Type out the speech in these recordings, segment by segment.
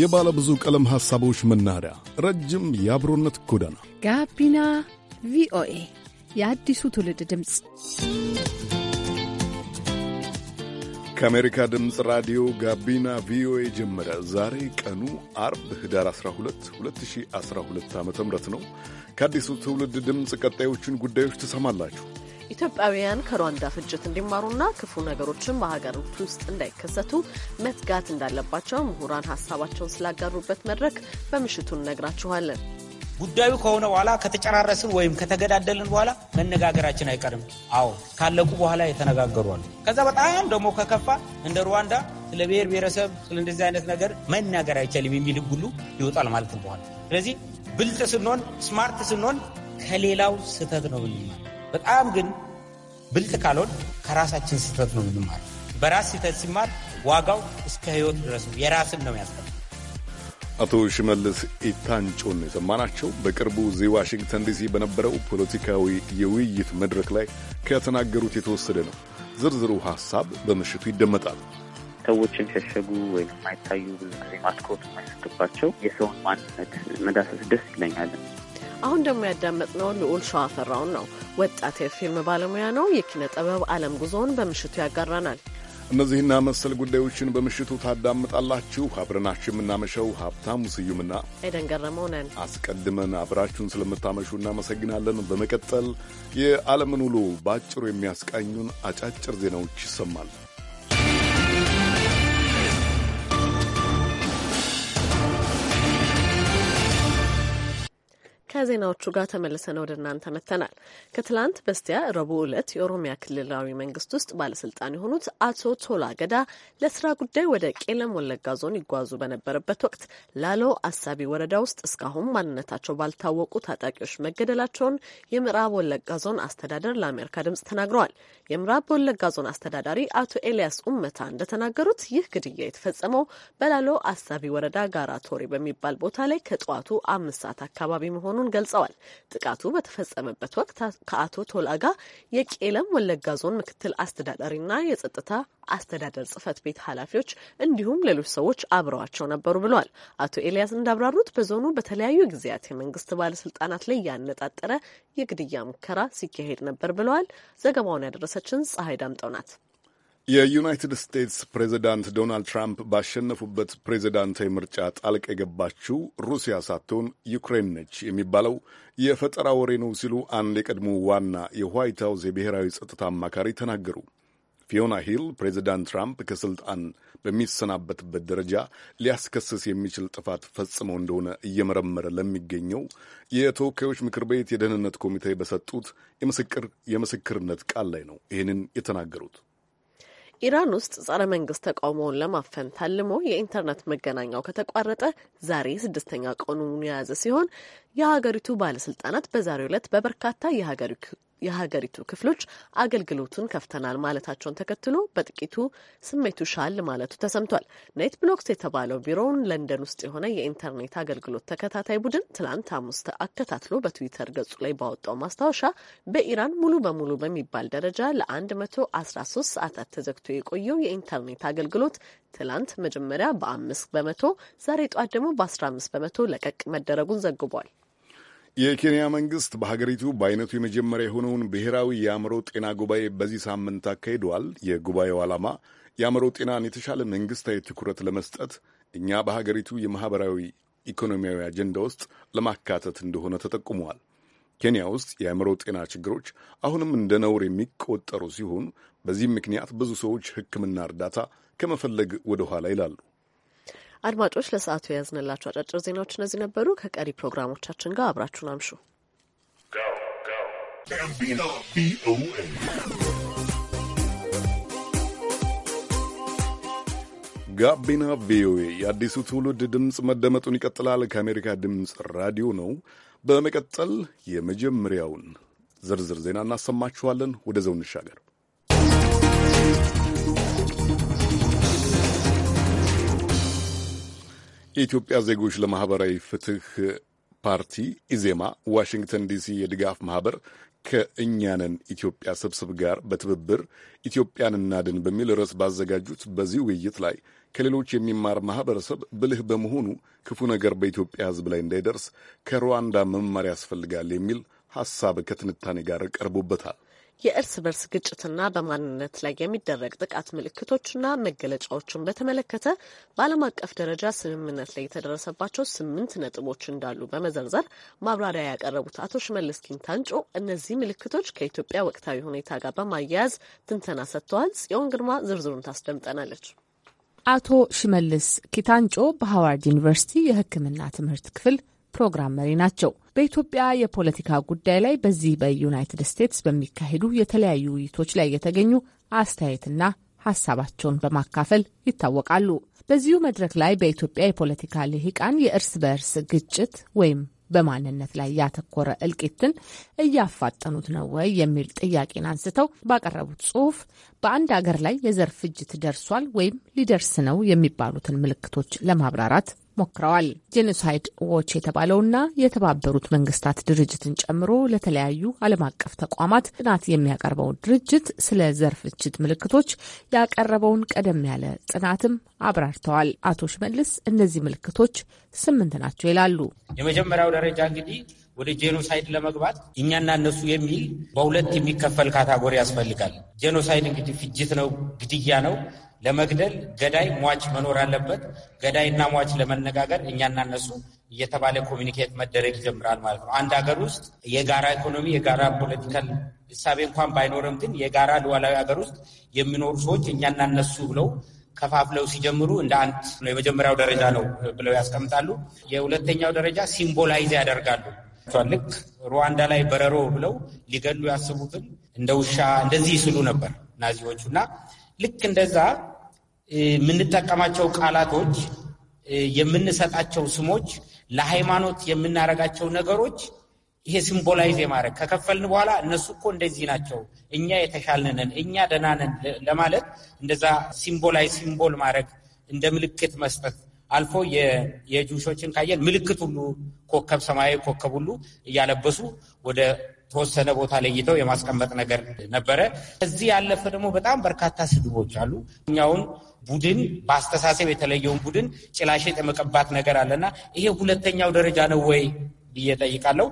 የባለ ብዙ ቀለም ሐሳቦች መናኸሪያ፣ ረጅም የአብሮነት ጎዳና፣ ጋቢና ቪኦኤ የአዲሱ ትውልድ ድምፅ ከአሜሪካ ድምፅ ራዲዮ ጋቢና ቪኦኤ ጀመረ። ዛሬ ቀኑ አርብ ህዳር 12 2012 ዓ ም ነው። ከአዲሱ ትውልድ ድምፅ ቀጣዮቹን ጉዳዮች ትሰማላችሁ። ኢትዮጵያውያን ከሩዋንዳ ፍጅት እንዲማሩና ክፉ ነገሮችን በሀገሪቱ ውስጥ እንዳይከሰቱ መትጋት እንዳለባቸው ምሁራን ሀሳባቸውን ስላጋሩበት መድረክ በምሽቱ እነግራችኋለን። ጉዳዩ ከሆነ በኋላ ከተጨራረስን ወይም ከተገዳደልን በኋላ መነጋገራችን አይቀርም። አዎ ካለቁ በኋላ የተነጋገሯል። ከዛ በጣም ደግሞ ከከፋ እንደ ሩዋንዳ ስለ ብሔር ብሔረሰብ ስለ እንደዚህ አይነት ነገር መናገር አይቻልም የሚል ሕግ ሁሉ ይወጣል ማለት ነው በኋላ። ስለዚህ ብልጥ ስንሆን ስማርት ስንሆን ከሌላው ስህተት ነው ብንማር በጣም ግን ብልጥ ካልሆን ከራሳችን ስህተት ነው የምንማር። በራስ ስህተት ሲማር ዋጋው እስከ ህይወት ድረስ ነው። የራስን ነው ያስፈል አቶ ሽመልስ ኢታንጮን የሰማናቸው በቅርቡ እዚህ ዋሽንግተን ዲሲ በነበረው ፖለቲካዊ የውይይት መድረክ ላይ ከተናገሩት የተወሰደ ነው። ዝርዝሩ ሀሳብ በምሽቱ ይደመጣል። ሰዎችን ሸሸጉ ወይም የማይታዩ ብዙ ጊዜ ማትኮት የማይሰጥባቸው የሰውን ማንነት መዳሰስ ደስ ይለኛል። አሁን ደግሞ ያዳመጥነው ልዑል ፈራውን ነው። ወጣት የፊልም ባለሙያ ነው። የኪነ ጥበብ ዓለም ጉዞውን በምሽቱ ያጋራናል። እነዚህና መሰል ጉዳዮችን በምሽቱ ታዳምጣላችሁ። አብረናችሁ የምናመሸው ሀብታሙ ስዩምና ኤደን ገረመው ነን። አስቀድመን አብራችሁን ስለምታመሹ እናመሰግናለን። በመቀጠል የዓለምን ውሎ በአጭሩ የሚያስቃኙን አጫጭር ዜናዎች ይሰማል። ከዜናዎቹ ጋር ተመልሰን ወደ እናንተ መጥተናል። ከትላንት በስቲያ ረቡዕ ዕለት የኦሮሚያ ክልላዊ መንግስት ውስጥ ባለስልጣን የሆኑት አቶ ቶላ ገዳ ለስራ ጉዳይ ወደ ቄለም ወለጋ ዞን ይጓዙ በነበረበት ወቅት ላሎ አሳቢ ወረዳ ውስጥ እስካሁን ማንነታቸው ባልታወቁ ታጣቂዎች መገደላቸውን የምዕራብ ወለጋ ዞን አስተዳደር ለአሜሪካ ድምጽ ተናግረዋል። የምዕራብ ወለጋ ዞን አስተዳዳሪ አቶ ኤልያስ ኡመታ እንደተናገሩት ይህ ግድያ የተፈጸመው በላሎ አሳቢ ወረዳ ጋራ ቶሬ በሚባል ቦታ ላይ ከጠዋቱ አምስት ሰዓት አካባቢ መሆኑን መሆኑን ገልጸዋል። ጥቃቱ በተፈጸመበት ወቅት ከአቶ ቶላ ጋር የቄለም ወለጋ ዞን ምክትል አስተዳዳሪና የጸጥታ አስተዳደር ጽህፈት ቤት ኃላፊዎች እንዲሁም ሌሎች ሰዎች አብረዋቸው ነበሩ ብለዋል። አቶ ኤልያስ እንዳብራሩት በዞኑ በተለያዩ ጊዜያት የመንግስት ባለስልጣናት ላይ ያነጣጠረ የግድያ ሙከራ ሲካሄድ ነበር ብለዋል። ዘገባውን ያደረሰችን ፀሐይ ዳምጠው ናት። የዩናይትድ ስቴትስ ፕሬዚዳንት ዶናልድ ትራምፕ ባሸነፉበት ፕሬዚዳንታዊ ምርጫ ጣልቅ የገባችው ሩሲያ ሳትሆን ዩክሬን ነች የሚባለው የፈጠራ ወሬ ነው ሲሉ አንድ የቀድሞ ዋና የዋይት ሀውስ የብሔራዊ ጸጥታ አማካሪ ተናገሩ። ፊዮና ሂል ፕሬዚዳንት ትራምፕ ከስልጣን በሚሰናበትበት ደረጃ ሊያስከስስ የሚችል ጥፋት ፈጽመው እንደሆነ እየመረመረ ለሚገኘው የተወካዮች ምክር ቤት የደህንነት ኮሚቴ በሰጡት የምስክርነት ቃል ላይ ነው ይህንን የተናገሩት። ኢራን ውስጥ ጸረ መንግስት ተቃውሞውን ለማፈን ታልሞ የኢንተርኔት መገናኛው ከተቋረጠ ዛሬ ስድስተኛ ቀኑን የያዘ ሲሆን የሀገሪቱ ባለስልጣናት በዛሬው ዕለት በበርካታ የሀገሪቱ የሀገሪቱ ክፍሎች አገልግሎቱን ከፍተናል ማለታቸውን ተከትሎ በጥቂቱ ስሜቱ ሻል ማለቱ ተሰምቷል። ኔት ብሎክስ የተባለው ቢሮውን ለንደን ውስጥ የሆነ የኢንተርኔት አገልግሎት ተከታታይ ቡድን ትላንት ሐሙስ አከታትሎ በትዊተር ገጹ ላይ ባወጣው ማስታወሻ በኢራን ሙሉ በሙሉ በሚባል ደረጃ ለ113 ሰዓታት ተዘግቶ የቆየው የኢንተርኔት አገልግሎት ትላንት መጀመሪያ በአምስት በመቶ ዛሬ ጧት ደግሞ በ15 በመቶ ለቀቅ መደረጉን ዘግቧል። የኬንያ መንግስት በሀገሪቱ በአይነቱ የመጀመሪያ የሆነውን ብሔራዊ የአእምሮ ጤና ጉባኤ በዚህ ሳምንት አካሂደዋል። የጉባኤው ዓላማ የአእምሮ ጤናን የተሻለ መንግስታዊ ትኩረት ለመስጠት እኛ በሀገሪቱ የማህበራዊ ኢኮኖሚያዊ አጀንዳ ውስጥ ለማካተት እንደሆነ ተጠቁመዋል። ኬንያ ውስጥ የአእምሮ ጤና ችግሮች አሁንም እንደ ነውር የሚቆጠሩ ሲሆን በዚህም ምክንያት ብዙ ሰዎች ሕክምና እርዳታ ከመፈለግ ወደ ኋላ ይላሉ። አድማጮች ለሰዓቱ የያዝንላቸው አጫጭር ዜናዎች እነዚህ ነበሩ። ከቀሪ ፕሮግራሞቻችን ጋር አብራችሁን አምሹ። ጋቢና ቪኦኤ የአዲሱ ትውልድ ድምፅ መደመጡን ይቀጥላል። ከአሜሪካ ድምፅ ራዲዮ ነው። በመቀጠል የመጀመሪያውን ዝርዝር ዜና እናሰማችኋለን። ዘው እንሻገር። የኢትዮጵያ ዜጎች ለማህበራዊ ፍትህ ፓርቲ ኢዜማ ዋሽንግተን ዲሲ የድጋፍ ማህበር ከእኛንን ኢትዮጵያ ስብስብ ጋር በትብብር ኢትዮጵያን እናድን በሚል ርዕስ ባዘጋጁት በዚህ ውይይት ላይ ከሌሎች የሚማር ማህበረሰብ ብልህ በመሆኑ ክፉ ነገር በኢትዮጵያ ሕዝብ ላይ እንዳይደርስ ከሩዋንዳ መማር ያስፈልጋል የሚል ሐሳብ ከትንታኔ ጋር ቀርቦበታል። የእርስ በርስ ግጭትና በማንነት ላይ የሚደረግ ጥቃት ምልክቶችና መገለጫዎችን በተመለከተ በዓለም አቀፍ ደረጃ ስምምነት ላይ የተደረሰባቸው ስምንት ነጥቦች እንዳሉ በመዘርዘር ማብራሪያ ያቀረቡት አቶ ሽመልስ ኪንታንጮ እነዚህ ምልክቶች ከኢትዮጵያ ወቅታዊ ሁኔታ ጋር በማያያዝ ትንተና ሰጥተዋል። ጽዮን ግርማ ዝርዝሩን ታስደምጠናለች። አቶ ሽመልስ ኪታንጮ በሃዋርድ ዩኒቨርሲቲ የሕክምና ትምህርት ክፍል ፕሮግራም መሪ ናቸው። በኢትዮጵያ የፖለቲካ ጉዳይ ላይ በዚህ በዩናይትድ ስቴትስ በሚካሄዱ የተለያዩ ውይይቶች ላይ የተገኙ አስተያየትና ሀሳባቸውን በማካፈል ይታወቃሉ። በዚሁ መድረክ ላይ በኢትዮጵያ የፖለቲካ ልሂቃን የእርስ በእርስ ግጭት ወይም በማንነት ላይ ያተኮረ እልቂትን እያፋጠኑት ነው ወይ የሚል ጥያቄን አንስተው ባቀረቡት ጽሑፍ በአንድ አገር ላይ የዘር ፍጅት ደርሷል ወይም ሊደርስ ነው የሚባሉትን ምልክቶች ለማብራራት ሞክረዋል። ጄኖሳይድ ዎች የተባለውና የተባበሩት መንግስታት ድርጅትን ጨምሮ ለተለያዩ ዓለም አቀፍ ተቋማት ጥናት የሚያቀርበው ድርጅት ስለ ዘር ፍጅት ምልክቶች ያቀረበውን ቀደም ያለ ጥናትም አብራርተዋል። አቶ ሽመልስ እነዚህ ምልክቶች ስምንት ናቸው ይላሉ። የመጀመሪያው ደረጃ እንግዲህ ወደ ጄኖሳይድ ለመግባት እኛና እነሱ የሚል በሁለት የሚከፈል ካታጎሪ ያስፈልጋል። ጄኖሳይድ እንግዲህ ፍጅት ነው፣ ግድያ ነው። ለመግደል ገዳይ ሟች መኖር አለበት። ገዳይና ሟች ለመነጋገር እኛና እነሱ እየተባለ ኮሚኒኬት መደረግ ይጀምራል ማለት ነው። አንድ ሀገር ውስጥ የጋራ ኢኮኖሚ፣ የጋራ ፖለቲካል እሳቤ እንኳን ባይኖርም ግን የጋራ ሉዓላዊ ሀገር ውስጥ የሚኖሩ ሰዎች እኛና እነሱ ብለው ከፋፍለው ሲጀምሩ እንደ አንድ ነው የመጀመሪያው ደረጃ ነው ብለው ያስቀምጣሉ። የሁለተኛው ደረጃ ሲምቦላይዝ ያደርጋሉ። ልክ ሩዋንዳ ላይ በረሮ ብለው ሊገሉ ያስቡትን እንደ ውሻ እንደዚህ ይስሉ ነበር ናዚዎቹ እና ልክ እንደዛ የምንጠቀማቸው ቃላቶች፣ የምንሰጣቸው ስሞች፣ ለሃይማኖት የምናረጋቸው ነገሮች ይሄ ሲምቦላይዝ የማድረግ ከከፈልን በኋላ እነሱ እኮ እንደዚህ ናቸው፣ እኛ የተሻልንን እኛ ደህናነን ለማለት እንደዛ ሲምቦላይዝ ሲምቦል ማድረግ እንደ ምልክት መስጠት አልፎ የጁሾችን ካየን ምልክት ሁሉ ኮከብ፣ ሰማያዊ ኮከብ ሁሉ እያለበሱ ወደ ተወሰነ ቦታ ለይተው የማስቀመጥ ነገር ነበረ። ከዚህ ያለፈ ደግሞ በጣም በርካታ ስድቦች አሉ። እኛውን ቡድን በአስተሳሰብ የተለየውን ቡድን ጭላሸጥ የመቀባት ነገር አለና ይሄ ሁለተኛው ደረጃ ነው ወይ ብዬ ጠይቃለሁ።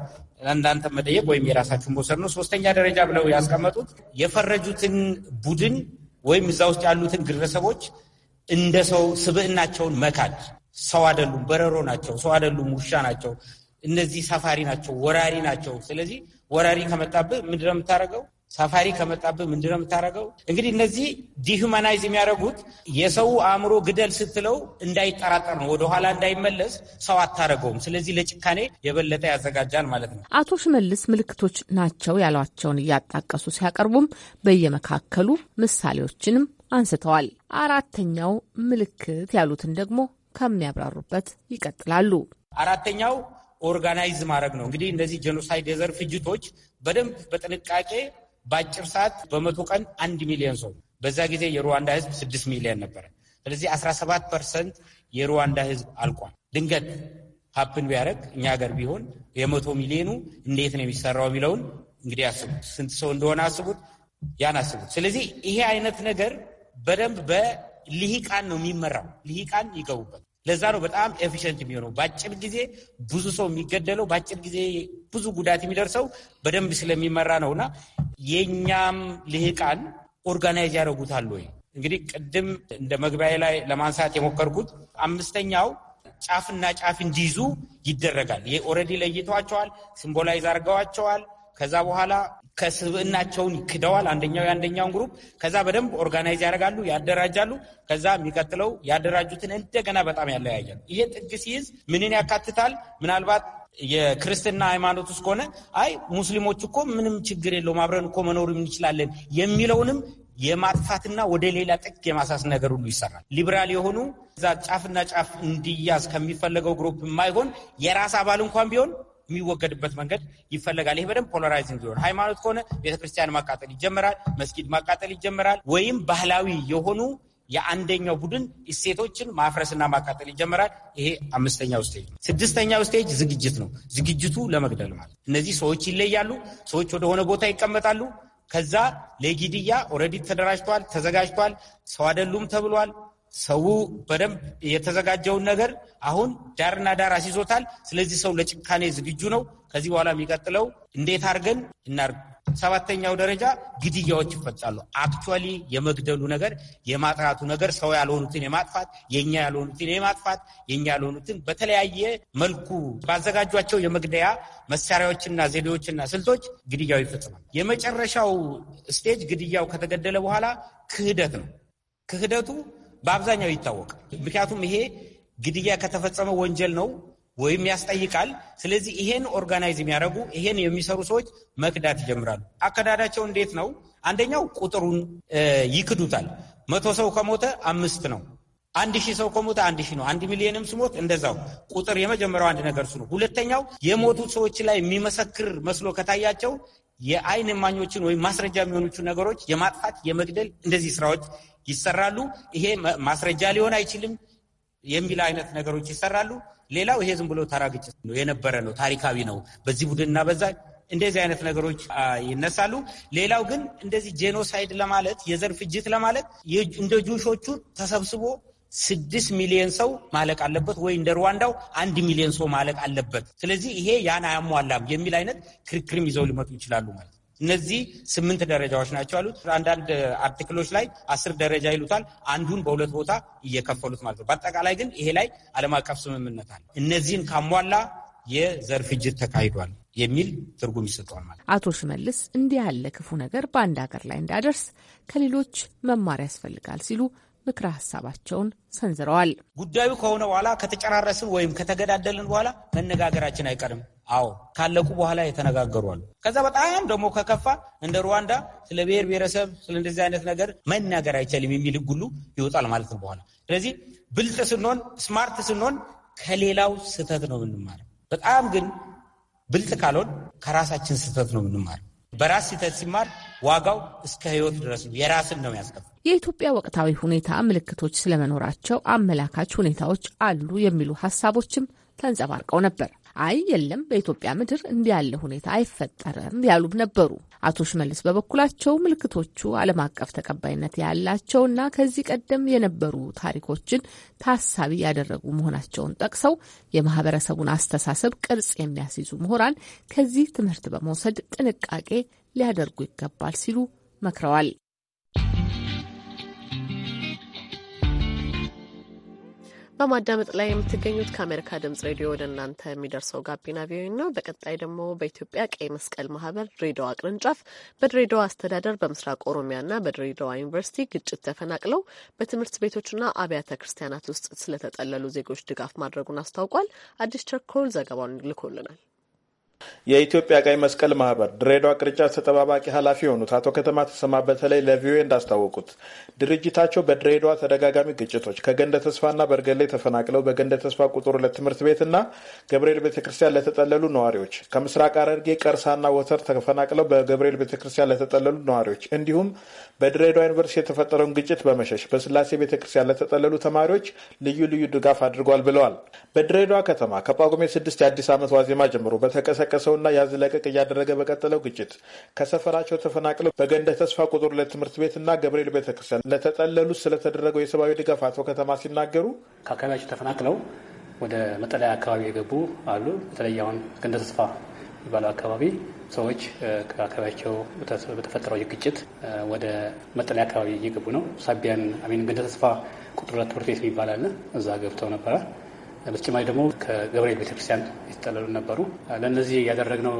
እናንተ መጠየቅ ወይም የራሳችሁን መውሰድ ነው። ሶስተኛ ደረጃ ብለው ያስቀመጡት የፈረጁትን ቡድን ወይም እዛ ውስጥ ያሉትን ግለሰቦች እንደ ሰው ስብዕናቸውን መካድ። ሰው አይደሉም፣ በረሮ ናቸው። ሰው አይደሉም፣ ውሻ ናቸው። እነዚህ ሰፋሪ ናቸው፣ ወራሪ ናቸው። ስለዚህ ወራሪ ከመጣብህ ምንድን ነው የምታደርገው? ሳፋሪ ከመጣብህ ምንድነው የምታደርገው? እንግዲህ እነዚህ ዲሁማናይዝ የሚያደርጉት የሰው አእምሮ ግደል ስትለው እንዳይጠራጠር ነው፣ ወደኋላ እንዳይመለስ ሰው አታደርገውም። ስለዚህ ለጭካኔ የበለጠ ያዘጋጃል ማለት ነው። አቶ ሽመልስ ምልክቶች ናቸው ያሏቸውን እያጣቀሱ ሲያቀርቡም በየመካከሉ ምሳሌዎችንም አንስተዋል። አራተኛው ምልክት ያሉትን ደግሞ ከሚያብራሩበት ይቀጥላሉ። አራተኛው ኦርጋናይዝ ማድረግ ነው። እንግዲህ እነዚህ ጄኖሳይድ የዘር ፍጅቶች በደንብ በጥንቃቄ በአጭር ሰዓት በመቶ ቀን አንድ ሚሊዮን ሰው በዛ ጊዜ የሩዋንዳ ህዝብ ስድስት ሚሊዮን ነበረ። ስለዚህ 17 ፐርሰንት የሩዋንዳ ህዝብ አልቋል። ድንገት ሀፕን ቢያደረግ እኛ ሀገር ቢሆን የመቶ ሚሊዮኑ እንዴት ነው የሚሰራው የሚለውን እንግዲህ አስቡት። ስንት ሰው እንደሆነ አስቡት፣ ያን አስቡት። ስለዚህ ይሄ አይነት ነገር በደንብ በልሂቃን ነው የሚመራው። ልሂቃን ይገቡበት። ለዛ ነው በጣም ኤፊሽንት የሚሆነው። በአጭር ጊዜ ብዙ ሰው የሚገደለው፣ በአጭር ጊዜ ብዙ ጉዳት የሚደርሰው በደንብ ስለሚመራ ነው እና የእኛም ልሂቃን ኦርጋናይዝ ያደርጉታል ወይ እንግዲህ ቅድም እንደ መግቢያ ላይ ለማንሳት የሞከርኩት አምስተኛው ጫፍና ጫፍ እንዲይዙ ይደረጋል። ይህ ኦልሬዲ ለይተዋቸዋል፣ ሲምቦላይዝ አድርገዋቸዋል። ከዛ በኋላ ከስብዕናቸውን ክደዋል። አንደኛው የአንደኛውን ግሩፕ ከዛ በደንብ ኦርጋናይዝ ያደርጋሉ፣ ያደራጃሉ። ከዛ የሚቀጥለው ያደራጁትን እንደገና በጣም ያለያያሉ። ይሄ ጥግ ሲይዝ ምንን ያካትታል? ምናልባት የክርስትና ሃይማኖት ውስጥ ከሆነ አይ ሙስሊሞች እኮ ምንም ችግር የለውም አብረን እኮ መኖር እንችላለን የሚለውንም የማጥፋትና ወደ ሌላ ጥግ የማሳስ ነገር ሁሉ ይሰራል። ሊበራል የሆኑ እዛ ጫፍና ጫፍ እንዲያዝ ከሚፈለገው ግሩፕ የማይሆን የራስ አባል እንኳን ቢሆን የሚወገድበት መንገድ ይፈለጋል። ይሄ በደንብ ፖላራይዚንግ ይሆን። ሃይማኖት ከሆነ ቤተክርስቲያን ማቃጠል ይጀምራል፣ መስጊድ ማቃጠል ይጀምራል፣ ወይም ባህላዊ የሆኑ የአንደኛው ቡድን እሴቶችን ማፍረስና ማቃጠል ይጀምራል። ይሄ አምስተኛው ስቴጅ ነው። ስድስተኛው ስቴጅ ዝግጅት ነው። ዝግጅቱ ለመግደል ማለት እነዚህ ሰዎች ይለያሉ። ሰዎች ወደሆነ ቦታ ይቀመጣሉ። ከዛ ለጊድያ ኦልሬዲ ተደራጅተዋል፣ ተዘጋጅተዋል፣ ሰው አይደሉም ተብሏል። ሰው በደንብ የተዘጋጀውን ነገር አሁን ዳርና ዳር አስይዞታል። ስለዚህ ሰው ለጭካኔ ዝግጁ ነው። ከዚህ በኋላ የሚቀጥለው እንዴት አድርገን እናርግ። ሰባተኛው ደረጃ ግድያዎች ይፈጻሉ። አክቹዋሊ የመግደሉ ነገር የማጥራቱ ነገር ሰው ያልሆኑትን የማጥፋት የእኛ ያልሆኑትን የማጥፋት የኛ ያልሆኑትን በተለያየ መልኩ ባዘጋጇቸው የመግደያ መሳሪያዎችና ዘዴዎችና ስልቶች ግድያው ይፈጽማል። የመጨረሻው ስቴጅ ግድያው ከተገደለ በኋላ ክህደት ነው። ክህደቱ በአብዛኛው ይታወቃል። ምክንያቱም ይሄ ግድያ ከተፈጸመ ወንጀል ነው ወይም ያስጠይቃል። ስለዚህ ይሄን ኦርጋናይዝ የሚያደርጉ ይሄን የሚሰሩ ሰዎች መክዳት ይጀምራሉ። አከዳዳቸው እንዴት ነው? አንደኛው ቁጥሩን ይክዱታል። መቶ ሰው ከሞተ አምስት ነው። አንድ ሺህ ሰው ከሞተ አንድ ሺህ ነው። አንድ ሚሊዮንም ስሞት እንደዛው ቁጥር የመጀመሪያው አንድ ነገር እሱ ነው። ሁለተኛው የሞቱ ሰዎች ላይ የሚመሰክር መስሎ ከታያቸው የአይን እማኞችን ወይም ማስረጃ የሚሆኑችን ነገሮች የማጥፋት የመግደል እንደዚህ ስራዎች ይሰራሉ። ይሄ ማስረጃ ሊሆን አይችልም የሚል አይነት ነገሮች ይሰራሉ። ሌላው ይሄ ዝም ብሎ ተራ ግጭት ነው የነበረ ነው ታሪካዊ ነው በዚህ ቡድንና በዛ እንደዚህ አይነት ነገሮች ይነሳሉ። ሌላው ግን እንደዚህ ጄኖሳይድ ለማለት የዘር ፍጅት ለማለት እንደ ጁሾቹ ተሰብስቦ ስድስት ሚሊዮን ሰው ማለቅ አለበት ወይ እንደ ሩዋንዳው አንድ ሚሊዮን ሰው ማለቅ አለበት፣ ስለዚህ ይሄ ያን አያሟላም የሚል አይነት ክርክርም ይዘው ሊመጡ ይችላሉ ማለት ነው። እነዚህ ስምንት ደረጃዎች ናቸው ያሉት። አንዳንድ አርቲክሎች ላይ አስር ደረጃ ይሉታል። አንዱን በሁለት ቦታ እየከፈሉት ማለት ነው። በአጠቃላይ ግን ይሄ ላይ ዓለም አቀፍ ስምምነት አለ። እነዚህን ካሟላ የዘር ፍጅት ተካሂዷል የሚል ትርጉም ይሰጠዋል ማለት። አቶ ሽመልስ እንዲህ ያለ ክፉ ነገር በአንድ ሀገር ላይ እንዳደርስ ከሌሎች መማር ያስፈልጋል ሲሉ ምክረ ሀሳባቸውን ሰንዝረዋል። ጉዳዩ ከሆነ በኋላ ከተጨራረስን ወይም ከተገዳደልን በኋላ መነጋገራችን አይቀርም። አዎ ካለቁ በኋላ የተነጋገሩ አሉ። ከዛ በጣም ደግሞ ከከፋ እንደ ሩዋንዳ ስለ ብሔር ብሔረሰብ ስለ እንደዚህ አይነት ነገር መናገር አይቻልም የሚል ህግ ሁሉ ይወጣል ማለት ነው በኋላ። ስለዚህ ብልጥ ስንሆን ስማርት ስንሆን ከሌላው ስህተት ነው የምንማረው። በጣም ግን ብልጥ ካልሆን ከራሳችን ስህተት ነው የምንማረው። በራስ ስህተት ሲማር ዋጋው እስከ ህይወት ድረስ ነው። የራስን ነው ያስከፋ የኢትዮጵያ ወቅታዊ ሁኔታ ምልክቶች ስለመኖራቸው አመላካች ሁኔታዎች አሉ የሚሉ ሀሳቦችም ተንጸባርቀው ነበር። አይ የለም በኢትዮጵያ ምድር እንዲህ ያለ ሁኔታ አይፈጠርም ያሉም ነበሩ። አቶ ሽመልስ በበኩላቸው ምልክቶቹ ዓለም አቀፍ ተቀባይነት ያላቸው እና ከዚህ ቀደም የነበሩ ታሪኮችን ታሳቢ ያደረጉ መሆናቸውን ጠቅሰው የማህበረሰቡን አስተሳሰብ ቅርጽ የሚያስይዙ ምሁራን ከዚህ ትምህርት በመውሰድ ጥንቃቄ ሊያደርጉ ይገባል ሲሉ መክረዋል። በማዳመጥ ላይ የምትገኙት ከአሜሪካ ድምጽ ሬዲዮ ወደ እናንተ የሚደርሰው ጋቢና ቪኦኤ ነው። በቀጣይ ደግሞ በኢትዮጵያ ቀይ መስቀል ማህበር ድሬዳዋ ቅርንጫፍ በድሬዳዋ አስተዳደር በምስራቅ ኦሮሚያና በድሬዳዋ ዩኒቨርሲቲ ግጭት ተፈናቅለው በትምህርት ቤቶችና አብያተ ክርስቲያናት ውስጥ ስለተጠለሉ ዜጎች ድጋፍ ማድረጉን አስታውቋል። አዲስ ቸኮል ዘገባውን ልኮልናል። የኢትዮጵያ ቀይ መስቀል ማህበር ድሬዳዋ ቅርንጫፍ ተጠባባቂ ኃላፊ የሆኑት አቶ ከተማ ተሰማ በተለይ ለቪኦኤ እንዳስታወቁት ድርጅታቸው በድሬዳዋ ተደጋጋሚ ግጭቶች ከገንደ ተስፋና በርገሌ ተፈናቅለው በገንደ ተስፋ ቁጥር ሁለት ትምህርት ቤትና ገብርኤል ቤተክርስቲያን ለተጠለሉ ነዋሪዎች፣ ከምስራቅ ሐረርጌ ቀርሳና ወተር ተፈናቅለው በገብርኤል ቤተክርስቲያን ለተጠለሉ ነዋሪዎች እንዲሁም በድሬዳዋ ዩኒቨርሲቲ የተፈጠረውን ግጭት በመሸሽ በስላሴ ቤተክርስቲያን ለተጠለሉ ተማሪዎች ልዩ ልዩ ድጋፍ አድርጓል ብለዋል። በድሬዳዋ ከተማ ከጳጉሜ ስድስት የአዲስ ዓመት ዋዜማ ጀምሮ በተቀሰቀ በተቀሰቀሰውና ያዝ ለቀቅ እያደረገ በቀጠለው ግጭት ከሰፈራቸው ተፈናቅለው በገንደ ተስፋ ቁጥር ለትምህርት ቤት ቤትና ገብርኤል ቤተክርስቲያን ለተጠለሉት ስለተደረገው የሰብአዊ ድጋፍ አቶ ከተማ ሲናገሩ ከአካባቢያቸው ተፈናቅለው ወደ መጠለያ አካባቢ የገቡ አሉ። በተለይ አሁን ገንደ ተስፋ የሚባለው አካባቢ ሰዎች ከአካባቢያቸው በተፈጠረው ግጭት ወደ መጠለያ አካባቢ እየገቡ ነው። ሳቢያን አሚን ገንደ ተስፋ ቁጥር ለትምህርት ቤት የሚባል አለ። እዛ ገብተው ነበረ። በተጨማሪ ደግሞ ከገብርኤል ቤተክርስቲያን የተጠለሉ ነበሩ። ለእነዚህ ያደረግነው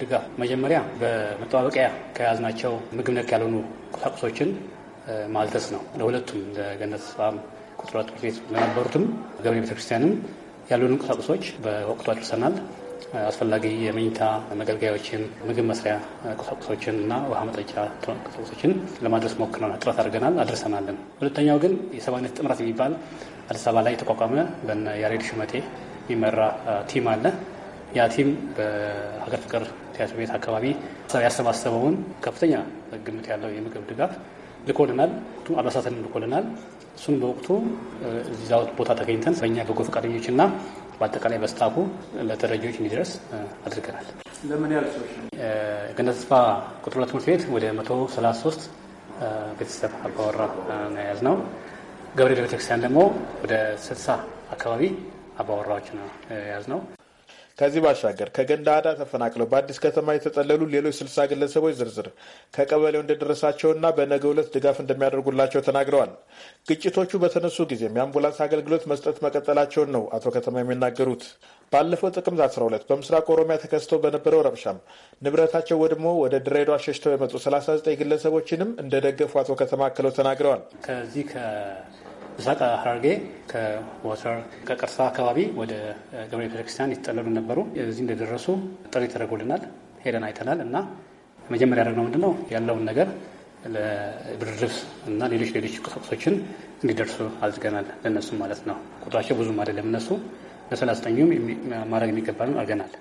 ድጋፍ መጀመሪያ በመጠባበቂያ ከያዝናቸው ምግብ ነክ ያልሆኑ ቁሳቁሶችን ማልተስ ነው። ለሁለቱም ለገነት ስም ቁጥር ትምህርት ቤት ለነበሩትም ገብርኤል ቤተክርስቲያንም ያሉን ቁሳቁሶች በወቅቱ አድርሰናል። አስፈላጊ የመኝታ መገልገያዎችን፣ ምግብ መስሪያ ቁሳቁሶችን እና ውሃ መጠጫ ቁሳቁሶችን ለማድረስ ሞክረናል። ጥረት አድርገናል፣ አድርሰናለን። ሁለተኛው ግን የሰብአዊነት ጥምረት የሚባል አዲስ አበባ ላይ የተቋቋመ በነ ያሬድ ሽመቴ የሚመራ ቲም አለ። ያ ቲም በሀገር ፍቅር ቲያትር ቤት አካባቢ ያሰባሰበውን ከፍተኛ ግምት ያለው የምግብ ድጋፍ ልኮልናል። አልባሳትን ልኮልናል። እሱን በወቅቱ እዚያ ቦታ ተገኝተን በእኛ በጎ ፈቃደኞችና በአጠቃላይ በስታፉ ለተረጂዎች እንዲደርስ አድርገናል። ለምን ያህል ሰዎች ነው? ገነት ተስፋ ቁጥር ሁለት ትምህርት ቤት ወደ 133 ቤተሰብ አባወራ ነው የያዝነው። ገብርኤል ቤተክርስቲያን ደግሞ ወደ ስልሳ አካባቢ አባወራዎች ነው የያዝነው። ከዚህ ባሻገር ከገንዳ አዳ ተፈናቅለው በአዲስ ከተማ የተጠለሉ ሌሎች ስልሳ ግለሰቦች ዝርዝር ከቀበሌው እንደደረሳቸውና በነገ ዕለት ድጋፍ እንደሚያደርጉላቸው ተናግረዋል። ግጭቶቹ በተነሱ ጊዜም የአምቡላንስ አገልግሎት መስጠት መቀጠላቸውን ነው አቶ ከተማ የሚናገሩት። ባለፈው ጥቅምት 12 በምስራቅ ኦሮሚያ ተከስቶ በነበረው ረብሻም ንብረታቸው ወድሞ ወደ ድሬዳዋ ሸሽተው የመጡ 39 ግለሰቦችንም እንደደገፉ አቶ ከተማ አክለው ተናግረዋል። ከዚህ ይስሐቅ ሀረርጌ ከወተር ከቅርሳ አካባቢ ወደ ገብረ ቤተክርስቲያን ይጠለሉ ነበሩ። እዚህ እንደደረሱ ጥሪ ተደርጎልናል። ሄደን አይተናል እና መጀመሪያ ያደረግነው ምንድን ነው ያለውን ነገር ለብርድ ልብስ እና ሌሎች ሌሎች ቁሳቁሶችን እንዲደርሱ አድርገናል። ለነሱ ማለት ነው። ቁጥራቸው ብዙም አይደለም እነሱ ለሰላስተኙም ማድረግ የሚገባልን አድርገናል።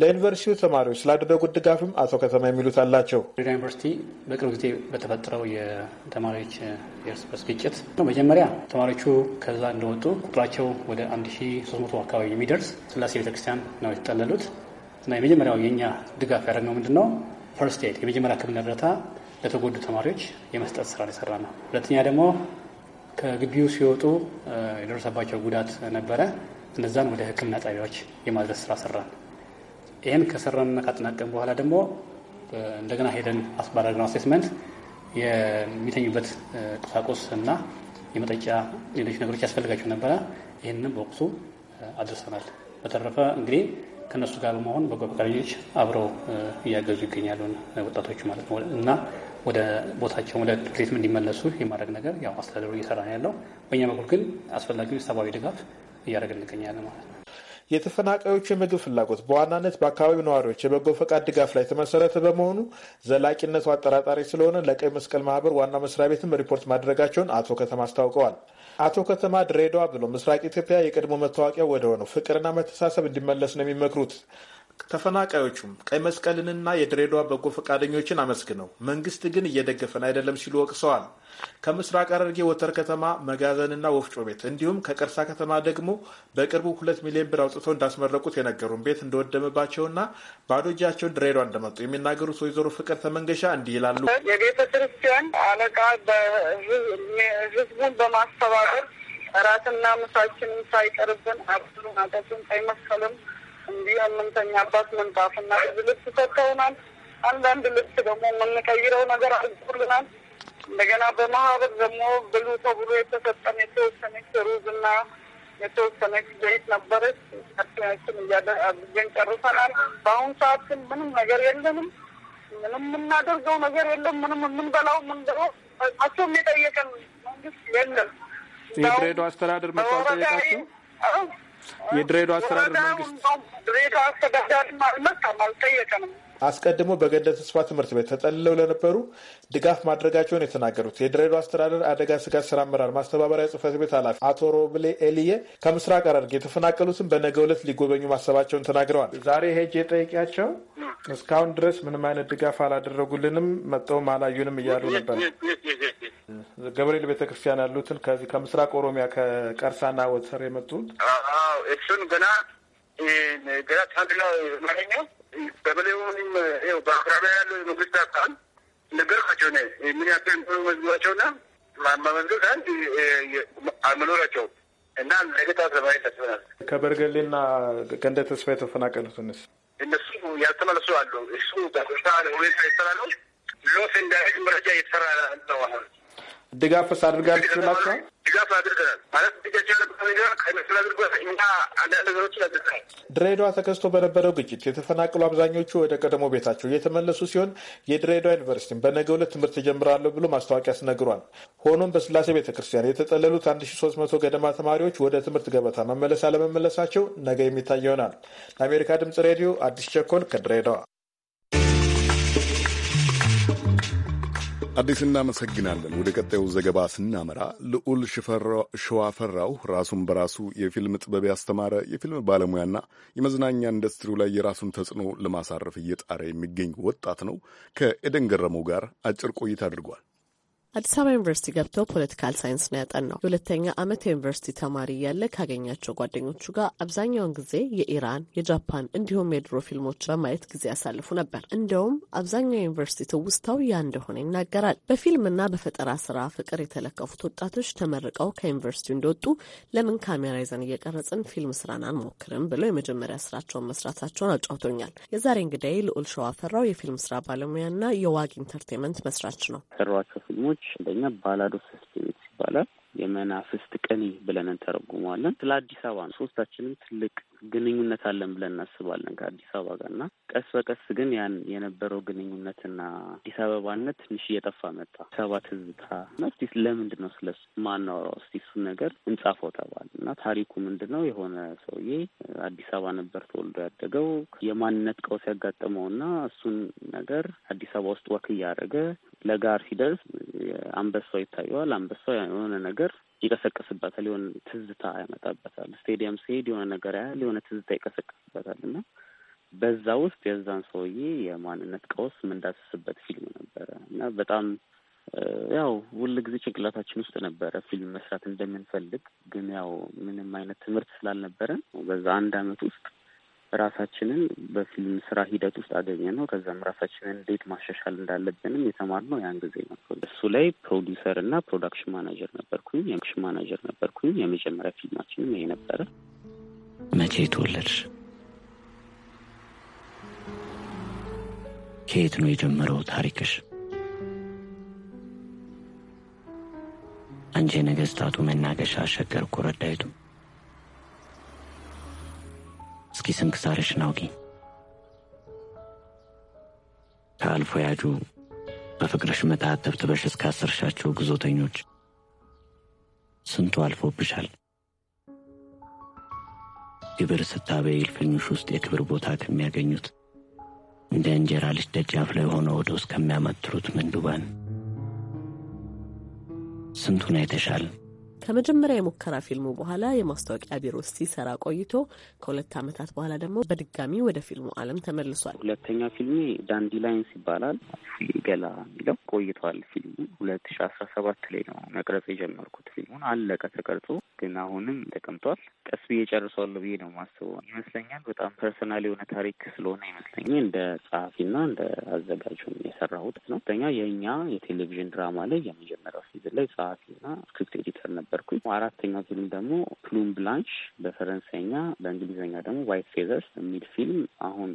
ለዩኒቨርሲቲው ተማሪዎች ስላደረጉት ድጋፍም አቶ ከተማ የሚሉት አላቸው። ድሬዳዋ ዩኒቨርሲቲ በቅርብ ጊዜ በተፈጠረው የተማሪዎች የእርስ በርስ ግጭት መጀመሪያ ተማሪዎቹ ከዛ እንደወጡ ቁጥራቸው ወደ 1300 አካባቢ የሚደርስ ስላሴ ቤተክርስቲያን ነው የተጠለሉት እና የመጀመሪያው የእኛ ድጋፍ ያደረግነው ምንድን ነው ፈርስት ኤድ የመጀመሪያ ሕክምና እርዳታ ለተጎዱ ተማሪዎች የመስጠት ስራ የሰራ ነው። ሁለተኛ ደግሞ ከግቢው ሲወጡ የደረሰባቸው ጉዳት ነበረ። እነዛን ወደ ሕክምና ጣቢያዎች የማድረስ ስራ ሰራን። ይህን ከሰራንና ካጠናቀም በኋላ ደግሞ እንደገና ሄደን አስባረግነው አሴስመንት የሚተኙበት ቁሳቁስ እና የመጠጫ ሌሎች ነገሮች ያስፈልጋቸው ነበረ። ይህንንም በወቅቱ አድርሰናል። በተረፈ እንግዲህ ከእነሱ ጋር በመሆን በጎ ፈቃደኞች አብረው እያገዙ ይገኛሉ፣ ወጣቶች ማለት ነው እና ወደ ቦታቸው ወደ ትምህርት እንዲመለሱ የማድረግ ነገር ያው አስተዳደሩ እየሰራ ነው ያለው። በእኛ በኩል ግን አስፈላጊውን ሰብአዊ ድጋፍ እያደረግን እንገኛለን ማለት ነው። የተፈናቃዮቹ የምግብ ፍላጎት በዋናነት በአካባቢው ነዋሪዎች የበጎ ፈቃድ ድጋፍ ላይ የተመሰረተ በመሆኑ ዘላቂነቱ አጠራጣሪ ስለሆነ ለቀይ መስቀል ማህበር ዋና መስሪያ ቤትም ሪፖርት ማድረጋቸውን አቶ ከተማ አስታውቀዋል። አቶ ከተማ ድሬዳዋ ብሎ ምስራቅ ኢትዮጵያ የቀድሞ መታወቂያ ወደሆነው ፍቅርና መተሳሰብ እንዲመለስ ነው የሚመክሩት። ተፈናቃዮቹም ቀይ መስቀልንና የድሬዳዋ በጎ ፈቃደኞችን አመስግነው መንግስት ግን እየደገፈን አይደለም ሲሉ ወቅሰዋል። ከምስራቅ ሐረርጌ ወተር ከተማ መጋዘንና ወፍጮ ቤት እንዲሁም ከቀርሳ ከተማ ደግሞ በቅርቡ ሁለት ሚሊዮን ብር አውጥተው እንዳስመረቁት የነገሩን ቤት እንደወደመባቸውና ባዶ እጃቸውን ድሬዳዋ እንደመጡ የሚናገሩት ወይዘሮ ፍቅር ተመንገሻ እንዲህ ይላሉ። የቤተ ክርስቲያን አለቃ ህዝቡን በማስተባበር እራትና ምሳችንም ሳይቀርብን አብዙ አጠቱን ቀይ መስቀልም እንዲህ የምንተኛባት ምንጣፍና ብዙ ልብስ ሰጥተውናል። አንዳንድ ልብስ ደግሞ የምንቀይረው ነገር አድርጎልናል። እንደገና በማህበር ደግሞ ብሉ ተብሎ የተሰጠን የተወሰነች ሩዝና የተወሰነች ዘይት ነበረች። ችን እያደረግን ጨርሰናል። በአሁኑ ሰዓት ምንም ነገር የለንም። ምንም የምናደርገው ነገር የለም። ምንም የምንበላው ምንበላው አቸውም የጠየቀን መንግስት የለም። የድሬዳዋ አስተዳደር መጣ ጠየቃቸው የድሬዳዋ አስተዳደር መንግስት ድሬዳዋ አስተዳዳሪ አልመጣም፣ አልጠየቀንም። አስቀድሞ በገደ ተስፋ ትምህርት ቤት ተጠልለው ለነበሩ ድጋፍ ማድረጋቸውን የተናገሩት የድሬዳዋ አስተዳደር አደጋ ስጋት ስራ አመራር ማስተባበሪያ ጽህፈት ቤት ኃላፊ አቶ ሮብሌ ኤልየ ከምስራቅ ሐረርጌ የተፈናቀሉትን በነገው ዕለት ሊጎበኙ ማሰባቸውን ተናግረዋል። ዛሬ ሄጄ ጠይቂያቸው እስካሁን ድረስ ምንም አይነት ድጋፍ አላደረጉልንም፣ መጠውም አላዩንም እያሉ ነበር። ገብርኤል ቤተክርስቲያን ያሉትን ከዚህ ከምስራቅ ኦሮሚያ ከቀርሳና ወሰር የመጡት እሱን ገና ገና ታንድላ ማለኛ በበሌውንም ው በአቅራቢያ ያሉ የመንግስት አካል ነገርኳቸው ነ ምን ያክል መዝግባቸውና ማመዝገብ አንድ አልመኖራቸው እና ለጌታ ሰብይ ተስበናል። ከበርገሌና ገንደ ተስፋ የተፈናቀሉትንስ እነሱ ያልተመለሱ አሉ። እሱ በሽታ ሁኔታ ይሰራሉ ሎስ እንዳይሄድ መረጃ እየተሰራ ነው አሁን ድጋፍስ አድርጋችሁ ናቸዋል? ድጋፍ አድርገናል ማለት ድሬዳዋ ተከስቶ በነበረው ግጭት የተፈናቀሉ አብዛኞቹ ወደ ቀደሞ ቤታቸው እየተመለሱ ሲሆን የድሬዳዋ ዩኒቨርሲቲም በነገ ሁለት ትምህርት ጀምራለሁ ብሎ ማስታወቂያ አስነግሯል። ሆኖም በስላሴ ቤተ ክርስቲያን የተጠለሉት 1300 ገደማ ተማሪዎች ወደ ትምህርት ገበታ መመለስ አለመመለሳቸው ነገ የሚታይ ይሆናል። ለአሜሪካ ድምጽ ሬዲዮ አዲስ ቸኮል ከድሬዳዋ አዲስ እናመሰግናለን። ወደ ቀጣዩ ዘገባ ስናመራ ልዑል ሸዋፈራው ራሱን በራሱ የፊልም ጥበብ ያስተማረ የፊልም ባለሙያና የመዝናኛ ኢንዱስትሪው ላይ የራሱን ተጽዕኖ ለማሳረፍ እየጣረ የሚገኝ ወጣት ነው። ከኤደን ገረመው ጋር አጭር ቆይታ አድርጓል። አዲስ አበባ ዩኒቨርሲቲ ገብተው ፖለቲካል ሳይንስ ነው ያጠናው። የሁለተኛ ዓመት የዩኒቨርሲቲ ተማሪ እያለ ካገኛቸው ጓደኞቹ ጋር አብዛኛውን ጊዜ የኢራን፣ የጃፓን እንዲሁም የድሮ ፊልሞች በማየት ጊዜ ያሳልፉ ነበር። እንደውም አብዛኛው ዩኒቨርሲቲ ትውስታው ያ እንደሆነ ይናገራል። በፊልምና በፈጠራ ስራ ፍቅር የተለከፉት ወጣቶች ተመርቀው ከዩኒቨርሲቲው እንደወጡ ለምን ካሜራ ይዘን እየቀረጽን ፊልም ስራን አንሞክርም ብለው የመጀመሪያ ስራቸውን መስራታቸውን አጫውቶኛል። የዛሬ እንግዳዬ ልዑል ሸዋፈራው የፊልም ስራ ባለሙያና የዋግ ኢንተርቴንመንት መስራች ነው። ስፒሪቶች አንደኛ ባላዶስ ስፒሪት ይባላል። የመናፍስት ቅኔ ብለን እንተረጉመዋለን። ስለ አዲስ አበባ ነው። ሶስታችንም ትልቅ ግንኙነት አለን ብለን እናስባለን ከአዲስ አበባ ጋር እና ቀስ በቀስ ግን ያን የነበረው ግንኙነትና አዲስ አበባነት ትንሽ እየጠፋ መጣ። አዲስ አበባ ትዝታ እና እስቲ ለምንድን ነው ስለሱ ማናወራው? እስቲ እሱን ነገር እንጻፈው ተባለ እና ታሪኩ ምንድን ነው? የሆነ ሰውዬ አዲስ አበባ ነበር ተወልዶ ያደገው። የማንነት ቀውስ ያጋጠመውና እሱን ነገር አዲስ አበባ ውስጥ ወክ እያደረገ ለጋር ሲደርስ አንበሳው ይታየዋል። አንበሳው የሆነ ነገር ይቀሰቅስበታል። የሆነ ትዝታ ያመጣበታል። ስቴዲየም ሲሄድ የሆነ ነገር ያህል የሆነ ትዝታ ይቀሰቅስበታል እና በዛ ውስጥ የዛን ሰውዬ የማንነት ቀውስ የምንዳስስበት ፊልም ነበረ እና በጣም ያው ሁል ጊዜ ጭንቅላታችን ውስጥ ነበረ ፊልም መስራት እንደምንፈልግ፣ ግን ያው ምንም አይነት ትምህርት ስላልነበረን በዛ አንድ አመት ውስጥ ራሳችንን በፊልም ስራ ሂደት ውስጥ አገኘ ነው። ከዛም ራሳችንን እንዴት ማሻሻል እንዳለብንም የተማርነው ያን ጊዜ ነው። እሱ ላይ ፕሮዲውሰር እና ፕሮዳክሽን ማናጀር ነበርኩኝ። የፕሮዳክሽን ማናጀር ነበርኩኝ። የመጀመሪያ ፊልማችንም ይሄ ነበረ። መቼ የተወለድሽ? ከየት ነው የጀመረው ታሪክሽ? አንቺ የነገስታቱ መናገሻ ሸገር ኮረዳይቱም እስኪ ስንክሳርሽን አውጊ። ከአልፎ ያጁ በፍቅርሽ ምትሃት ተብትበሽ እስካሰርሻቸው ግዞተኞች ስንቱ አልፎብሻል። ግብር ስታበይ እልፍኝሽ ውስጥ የክብር ቦታ ከሚያገኙት እንደ እንጀራ ልጅ ደጃፍ ላይ ሆነ ወደ ውስጥ ከሚያመትሩት ምንዱባን ስንቱን አይተሻል። ከመጀመሪያ የሙከራ ፊልሙ በኋላ የማስታወቂያ ቢሮ ሲሰራ ቆይቶ ከሁለት ዓመታት በኋላ ደግሞ በድጋሚ ወደ ፊልሙ ዓለም ተመልሷል። ሁለተኛ ፊልሜ ዳንዲ ላይንስ ይባላል። ገላ የሚለው ቆይቷል። ፊልሙ ሁለት ሺ አስራ ሰባት ላይ ነው መቅረጽ የጀመርኩት። ፊልሙን አለቀ ተቀርጾ፣ ግን አሁንም ተቀምጧል። ቀስ ብዬ ጨርሰዋለሁ ብዬ ነው ማስበው ይመስለኛል። በጣም ፐርሰናል የሆነ ታሪክ ስለሆነ ይመስለኛል እንደ ጸሐፊና እንደ አዘጋጁ የሰራሁት ነው። ተኛ የእኛ የቴሌቪዥን ድራማ ላይ የመጀመሪያው ሲዝን ላይ ጸሐፊና ስክሪፕት ኤዲተር ነበር ነበርኩኝ። አራተኛው ፊልም ደግሞ ፕሉም ብላንሽ በፈረንሳይኛ በእንግሊዝኛ ደግሞ ዋይት ፌዘርስ የሚል ፊልም አሁን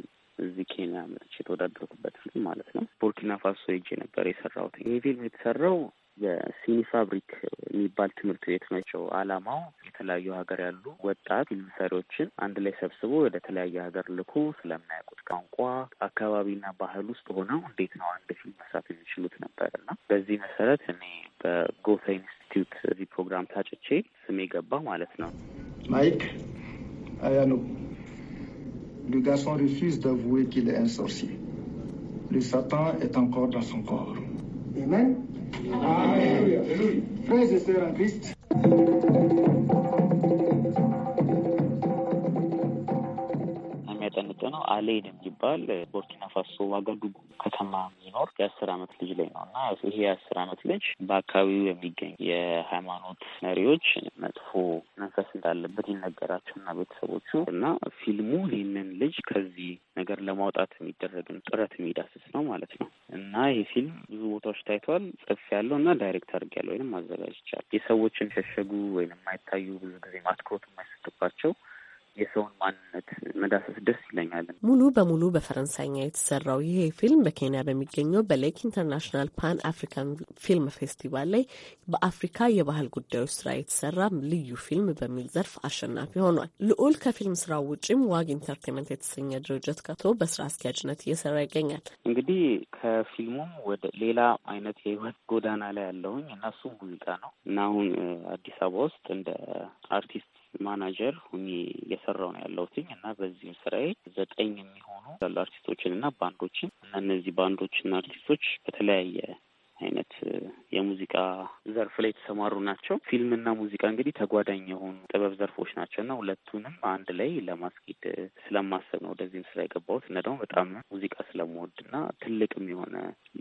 እዚህ ኬንያ መጥቼ የተወዳደርኩበት ፊልም ማለት ነው። ቡርኪና ፋሶ ሄጄ ነበር የሰራሁት። ይህ ፊልም የተሰራው የሲኒ ፋብሪክ የሚባል ትምህርት ቤት ናቸው። አላማው የተለያዩ ሀገር ያሉ ወጣት ፊልም ሰሪዎችን አንድ ላይ ሰብስቦ ወደ ተለያየ ሀገር ልኩ ስለማያውቁት ቋንቋ፣ አካባቢና ባህል ውስጥ ሆነው እንዴት ነው አንድ ፊልም መስራት የሚችሉት ነበር እና በዚህ መሰረት እኔ በጎተ ኢንስቲትዩት እዚህ ፕሮግራም ታጭቼ ስሜ ገባ ማለት ነው። ማይክ አያኑ Le garçon refuse d'avouer qu'il est un sorcier. Le Satan est encore dans son Hallelujah. Praise the Lord and Christ. ነው። አሌድ የሚባል ቦርኪና ፋሶ ዋጋዱጉ ከተማ የሚኖር የአስር አመት ልጅ ላይ ነው እና ይሄ የአስር አመት ልጅ በአካባቢው የሚገኝ የሃይማኖት መሪዎች መጥፎ መንፈስ እንዳለበት ይነገራቸው እና ቤተሰቦቹ እና ፊልሙ ይህንን ልጅ ከዚህ ነገር ለማውጣት የሚደረግን ጥረት የሚዳስስ ነው ማለት ነው እና ይህ ፊልም ብዙ ቦታዎች ታይቷል። ጽፍ ያለው እና ዳይሬክት አድርግ ያለው ወይም አዘጋጅቻል የሰዎችን ሸሸጉ ወይም የማይታዩ ብዙ ጊዜ ማትኩሮት የማይሰጥባቸው የሰውን ማንነት መዳሰስ ደስ ይለኛል። ሙሉ በሙሉ በፈረንሳይኛ የተሰራው ይሄ ፊልም በኬንያ በሚገኘው በሌክ ኢንተርናሽናል ፓን አፍሪካን ፊልም ፌስቲቫል ላይ በአፍሪካ የባህል ጉዳዮች ስራ የተሰራ ልዩ ፊልም በሚል ዘርፍ አሸናፊ ሆኗል። ልዑል ከፊልም ስራው ውጭም ዋግ ኢንተርቴንመንት የተሰኘ ድርጅት ከቶ በስራ አስኪያጅነት እየሰራ ይገኛል። እንግዲህ ከፊልሙም ወደ ሌላ አይነት የህይወት ጎዳና ላይ ያለውኝ እና እሱ ሙዚቃ ነው እና አሁን አዲስ አበባ ውስጥ እንደ አርቲስት ማናጀር ሁኜ እየሰራው ነው ያለውትኝ እና በዚህም ስራዬ ዘጠኝ የሚሆኑ ያሉ አርቲስቶችን እና ባንዶችን እና እነዚህ ባንዶችና አርቲስቶች በተለያየ አይነት የሙዚቃ ዘርፍ ላይ የተሰማሩ ናቸው። ፊልምና ሙዚቃ እንግዲህ ተጓዳኝ የሆኑ ጥበብ ዘርፎች ናቸው እና ሁለቱንም አንድ ላይ ለማስኬድ ስለማሰብ ነው ወደዚህም ስራ የገባሁት እና ደግሞ በጣም ሙዚቃ ስለምወድ እና ትልቅም የሆነ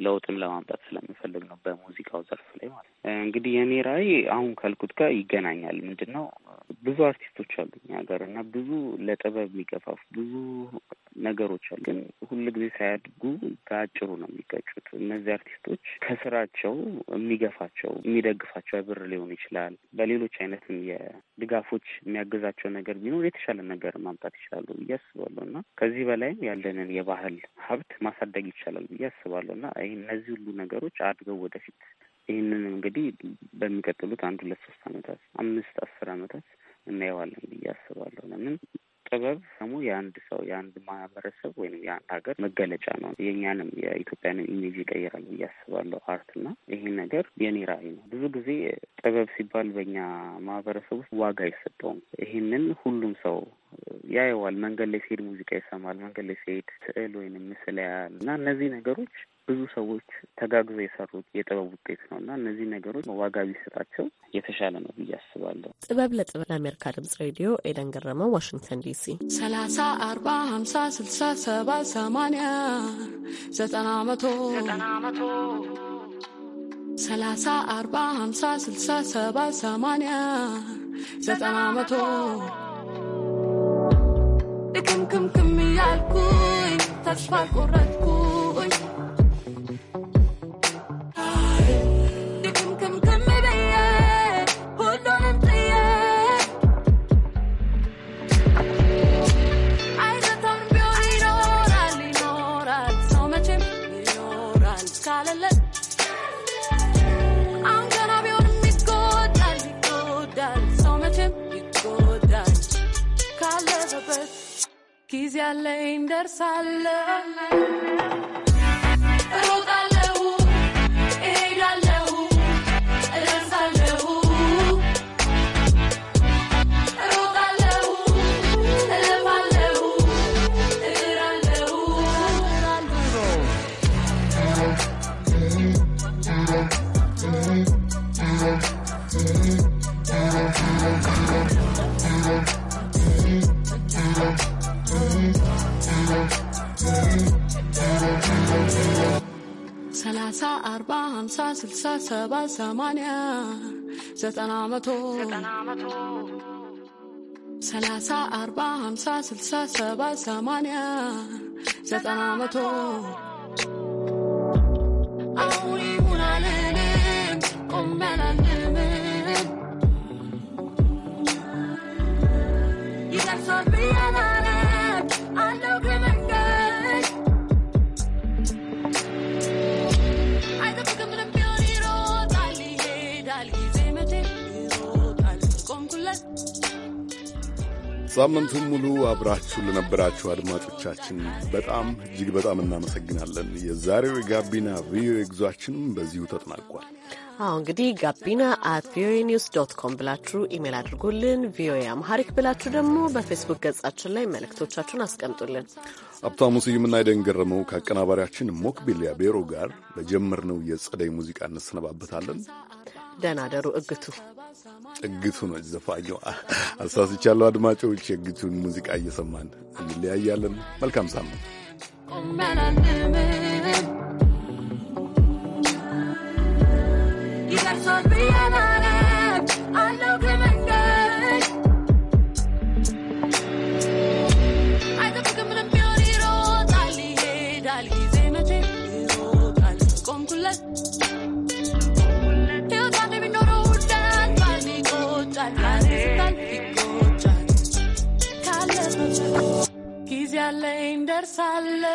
ለውጥም ለማምጣት ስለሚፈልግ ነው በሙዚቃው ዘርፍ ላይ ማለት ነው። እንግዲህ የኔ ራዕይ አሁን ካልኩት ጋር ይገናኛል። ምንድን ነው ብዙ አርቲስቶች አሉ ሀገር እና ብዙ ለጥበብ የሚገፋፉ ብዙ ነገሮች አሉ። ግን ሁል ጊዜ ሳያድጉ በአጭሩ ነው የሚቀጩት። እነዚህ አርቲስቶች ከስራቸው የሚገፋቸው የሚደግፋቸው ብር ሊሆን ይችላል። በሌሎች አይነትም የድጋፎች የሚያግዛቸው ነገር ቢኖር የተሻለ ነገር ማምጣት ይችላሉ ብዬ አስባለሁ እና ከዚህ በላይም ያለንን የባህል ሀብት ማሳደግ ይቻላል ብዬ አስባለሁ እና ይህ እነዚህ ሁሉ ነገሮች አድገው ወደፊት ይህንን እንግዲህ በሚቀጥሉት አንድ ሁለት ሶስት አመታት አምስት አስር አመታት እናየዋለን ብዬ አስባለሁ። ለምን ጥበብ ደግሞ የአንድ ሰው የአንድ ማህበረሰብ ወይም የአንድ ሀገር መገለጫ ነው። የእኛንም የኢትዮጵያንም ኢሜጅ ይቀይራል ብዬ አስባለሁ። አርትና ይሄ ነገር የኔ ራዕይ ነው። ብዙ ጊዜ ጥበብ ሲባል በእኛ ማህበረሰብ ውስጥ ዋጋ አይሰጠውም። ይሄንን ሁሉም ሰው ያየዋል። መንገድ ላይ ሲሄድ ሙዚቃ ይሰማል። መንገድ ላይ ሲሄድ ስዕል ወይም ምስል ያያል እና እነዚህ ነገሮች ብዙ ሰዎች ተጋግዘው የሰሩት የጥበብ ውጤት ነው እና እነዚህ ነገሮች ዋጋ ቢሰጣቸው የተሻለ ነው ብዬ አስባለሁ። ጥበብ ለጥበብ ለአሜሪካ ድምጽ ሬዲዮ ኤደን ገረመው፣ ዋሽንግተን ዲሲ። ሰላሳ አርባ ሀምሳ ስልሳ ሰባ ሰማንያ ዘጠና መቶ ዘጠና መቶ ሰላሳ አርባ ሀምሳ ስልሳ ሰባ ሰማንያ ዘጠና መቶ ድክምክምክም እያልኩኝ ተስፋ ቆረጥኩ። ሰባ ሰማንያ ዘጠና መቶ ሰላሳ አርባ ሀምሳ ስልሳ ሰባ ሰማንያ ዘጠና መቶ ሳምንቱን ሙሉ አብራችሁ ለነበራችሁ አድማጮቻችን በጣም እጅግ በጣም እናመሰግናለን። የዛሬው የጋቢና ቪኦኤ ጉዟችንም በዚሁ ተጠናቋል። አሁ እንግዲህ ጋቢና አት ቪኦኤ ኒውስ ዶት ኮም ብላችሁ ኢሜል አድርጉልን። ቪኦኤ አምሃሪክ ብላችሁ ደግሞ በፌስቡክ ገጻችን ላይ መልእክቶቻችሁን አስቀምጡልን። ሀብታሙ ስዩምና አይደን ገረመው ከአቀናባሪያችን ሞክቢሊያ ቤሮ ጋር በጀመርነው የጸደይ ሙዚቃ እንሰነባበታለን። ደናደሩ እግቱ ጥግቱ ነው ዘፋኛው። አሳስቻለሁ። አድማጮች የግቱን ሙዚቃ እየሰማን እንለያያለን። መልካም ሳምንት። universal